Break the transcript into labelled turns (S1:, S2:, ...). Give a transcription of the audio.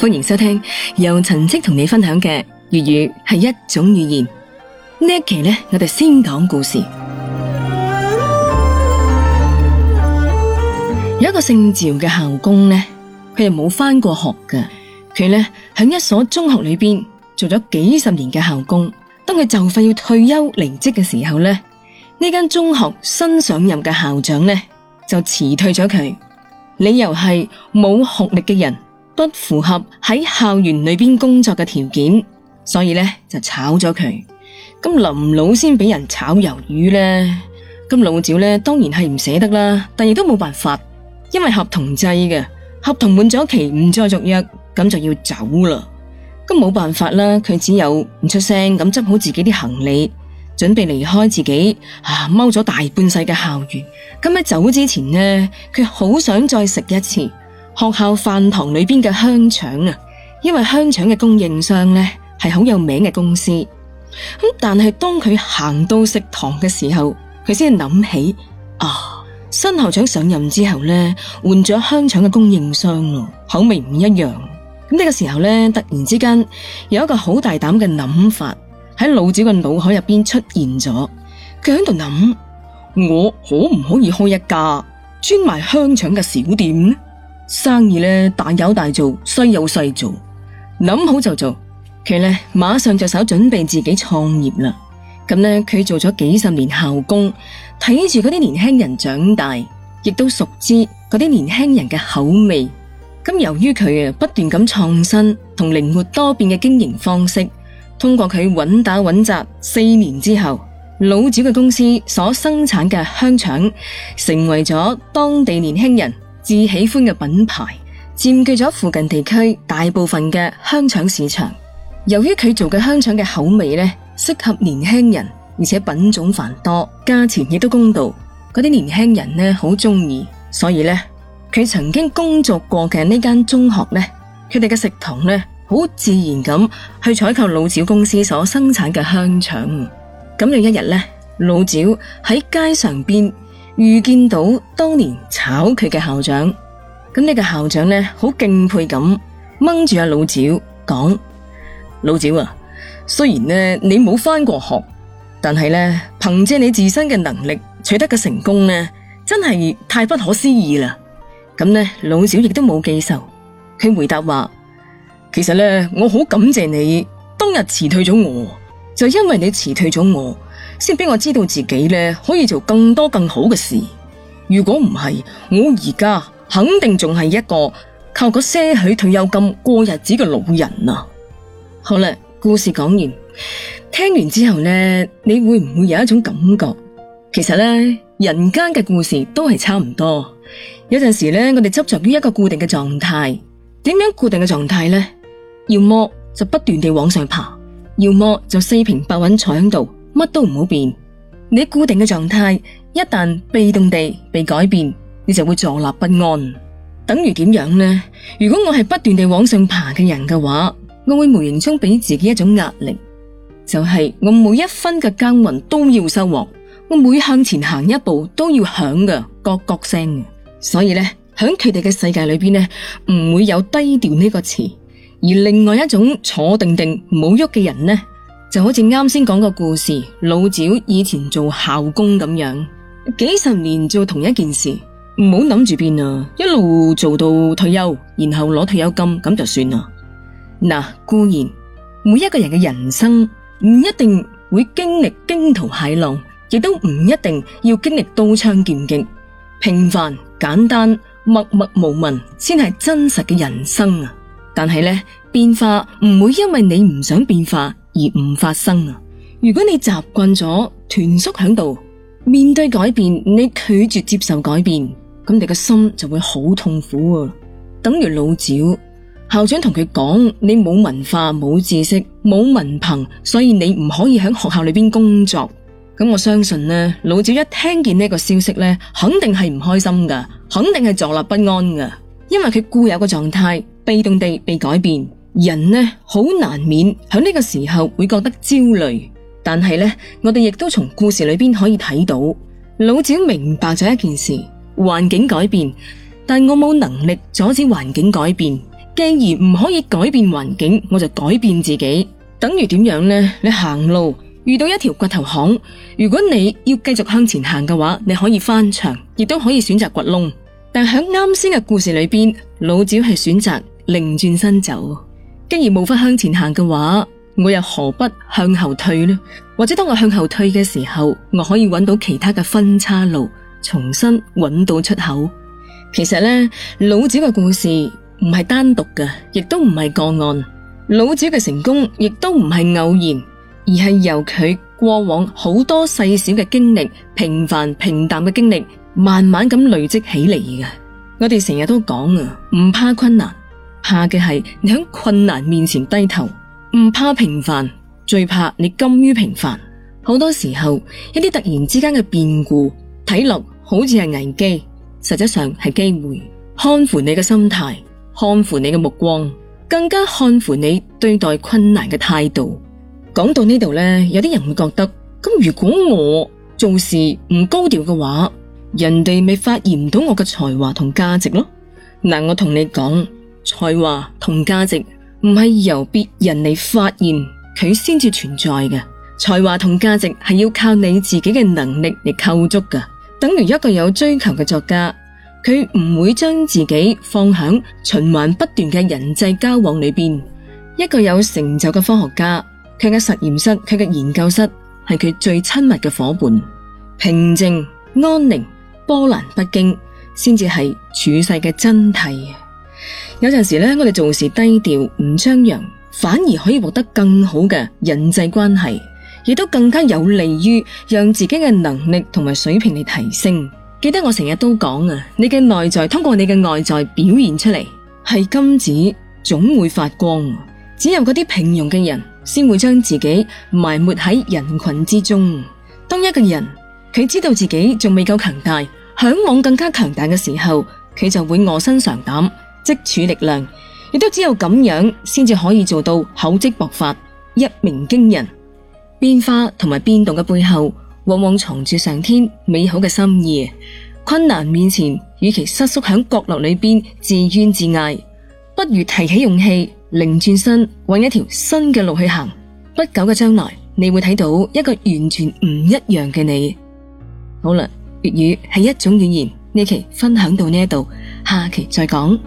S1: 歡迎收聽由陳迹同你分享嘅粵語係一種語言。呢一期呢，我哋先講故事。 有一個姓趙嘅校工呢，佢又冇返過學嘅，佢呢，響一所中學裏面做咗幾十年嘅校工。當佢就快要退休離職嘅時候呢，呢間中學新上任嘅校長呢，就辭退咗佢，理由係冇學歷嘅人。不符合喺校園裏邊工作嘅條件，所以呢就炒咗佢。咁林老先俾人炒魷魚呢，咁老趙呢當然係唔捨得啦，但亦都冇辦法，因為合同制嘅合同滿咗期唔再續約，咁就要走啦。咁冇辦法啦，佢只有唔出聲咁執好自己啲行李，準備離開自己啊踎咗大半世嘅校園。咁喺走之前呢，佢好想再食一次。學校飯堂裏邊嘅香腸，因為香腸嘅供應商咧係好有名嘅公司。但係當佢行到食堂嘅時候，佢先諗起啊，新校長上任之後咧，換咗香腸嘅供應商咯，口味唔一樣。咁呢個時候咧，突然之間有一個好大膽嘅諗法喺老趙嘅腦海入邊出現咗。佢喺度諗，我可唔可以開一家專賣香腸嘅小店呢？生意呢，大有大做，細有細做，諗好就做。佢呢，馬上着手準備自己創業啦。咁呢，佢做咗幾十年校工，睇住嗰啲年輕人長大，亦都熟知嗰啲年輕人嘅口味。咁、嗯、由於佢啊，不斷咁創新同靈活多變嘅經營方式，通過佢穩打穩紮，四年之後，老趙嘅公司所生產嘅香腸成為咗當地年輕人自喜歡嘅品牌佔據咗附近地區大部分嘅香腸市場。由於佢做嘅香腸嘅口味呢，適合年輕人，而且品種繁多，價錢亦都公道，嗰啲年輕人呢好中意。所以呢，佢曾經工作過嘅呢間中學呢，佢哋嘅食堂呢，好自然咁去採購老趙公司所生產嘅香腸。咁有一日呢，老趙喺街上邊。遇見到當年炒佢嘅校長，咁呢個校長呢好敬佩咁掹住阿老趙講：老趙啊，雖然呢你冇返過學，但係呢憑借你自身嘅能力取得嘅成功呢，真係太不可思議啦！咁呢老趙亦都冇記仇，佢回答話：其實呢我好感謝你當日辭退咗我，就因為你辭退咗我，先俾我知道自己咧可以做更多更好嘅事。如果唔係，我而家肯定仲係一個靠嗰些許退休金過日子嘅老人啊。好啦，故事講完，聽完之後咧，你會唔會有一種感覺？其實咧，人間嘅故事都係差唔多。有陣時咧，我哋執着於一個固定嘅狀態。點樣固定嘅狀態咧？要麼就不斷地往上爬，要麼就四平八穩坐響度。乜都唔好變，你固定嘅狀態，一旦被動地被改變，你就會坐立不安，等於點樣呢？如果我係不斷地往上爬嘅人嘅話，我會無形中俾自己一種壓力，就係、是、我每一分嘅耕耘都要收穫，我每向前行一步都要響嘅，咯咯聲的。所以呢，響佢哋嘅世界裏邊呢，唔會有低調呢個詞。而另外一種坐定定唔好喐嘅人呢？就好似啱先講個故事，老趙以前做校工咁樣，幾十年做同一件事，唔好諗住變啊，一路做到退休，然後攞退休金咁就算啦。嗱，固然每一個人嘅人生唔一定會經歷驚濤駭浪，亦都唔一定要經歷刀槍劍戟，平凡簡單默默無聞先係真實嘅人生啊。但係咧，變化唔會因為你唔想變化。而唔發生啊！如果你習慣咗蜷縮喺度，面對改變，你拒絕接受改變，咁你個心就會好痛苦啊！等於老趙校長同佢講：你冇文化、冇知識、冇文憑，所以你唔可以喺學校裏邊工作。咁我相信呢，老趙一聽見呢一個消息咧，肯定係唔開心噶，肯定係坐立不安噶，因為佢固有嘅狀態被動地被改變。人呢好難免喺呢個時候會覺得焦慮，但係呢我哋亦都從故事裡面可以睇到，老趙明白咗一件事，環境改變，但我冇能力阻止環境改變，既然唔可以改變環境，我就改變自己。等於點樣呢？你行路遇到一條掘頭巷，如果你要繼續向前行嘅話，你可以翻牆，亦都可以選擇掘窿，但喺啱先嘅故事裡面，老趙係選擇另轉身走，既然冇法向前行嘅話，我又何不向後退呢？或者當我向後退嘅時候，我可以揾到其他嘅分岔路，重新揾到出口。其實呢，老子嘅故事唔係單獨嘅，亦都唔係個案。老子嘅成功亦都唔係偶然，而係由佢過往好多細小嘅經歷、平凡平淡嘅經歷，慢慢咁累積起嚟嘅。我哋成日都講啊，唔怕困難。怕嘅係你喺困難面前低頭，唔怕平凡，最怕你甘於平凡。好多時候一啲突然之間嘅變故，睇落好似係危機，實質上係機會。看乎你嘅心態，看乎你嘅目光，更加看乎你對待困難嘅態度。講到呢度呢，有啲人會覺得咁，如果我做事唔高調嘅話，人哋咪發現唔到我嘅才華同價值咯？嗱，我同你講。才華同價值唔係由別人嚟發現佢先至存在嘅。才華同價值係要靠你自己嘅能力嚟構築㗎。等於一個有追求嘅作家，佢唔會將自己放響循環不斷嘅人際交往裏面。一個有成就嘅科學家，佢嘅實驗室，佢嘅研究室係佢最親密嘅夥伴。平靜安寧、波瀾不驚，先至係處世嘅真諦。有陣時咧，我哋做事低調唔張揚，反而可以獲得更好嘅人際關係，亦都更加有利於讓自己嘅能力同埋水平嚟提升。記得我成日都講啊，你嘅內在通過你嘅外在表現出嚟，係金子總會發光。只有嗰啲平庸嘅人，先會將自己埋沒喺人群之中。當一個人佢知道自己仲未夠強大，向往更加強大嘅時候，佢就會臥薪嘗膽。積蓄力量，亦都只有咁樣先至可以做到厚積薄發，一鳴驚人。變化同埋變動嘅背後，往往藏住上天美好嘅心意。困難面前，與其瑟縮喺角落裏邊自怨自艾，不如提起勇氣，擰轉身，搵一條新嘅路去行。不久嘅將來，你會睇到一個完全唔一樣嘅你。好啦，粵語係一種語言，呢期分享到呢一度，下期再講。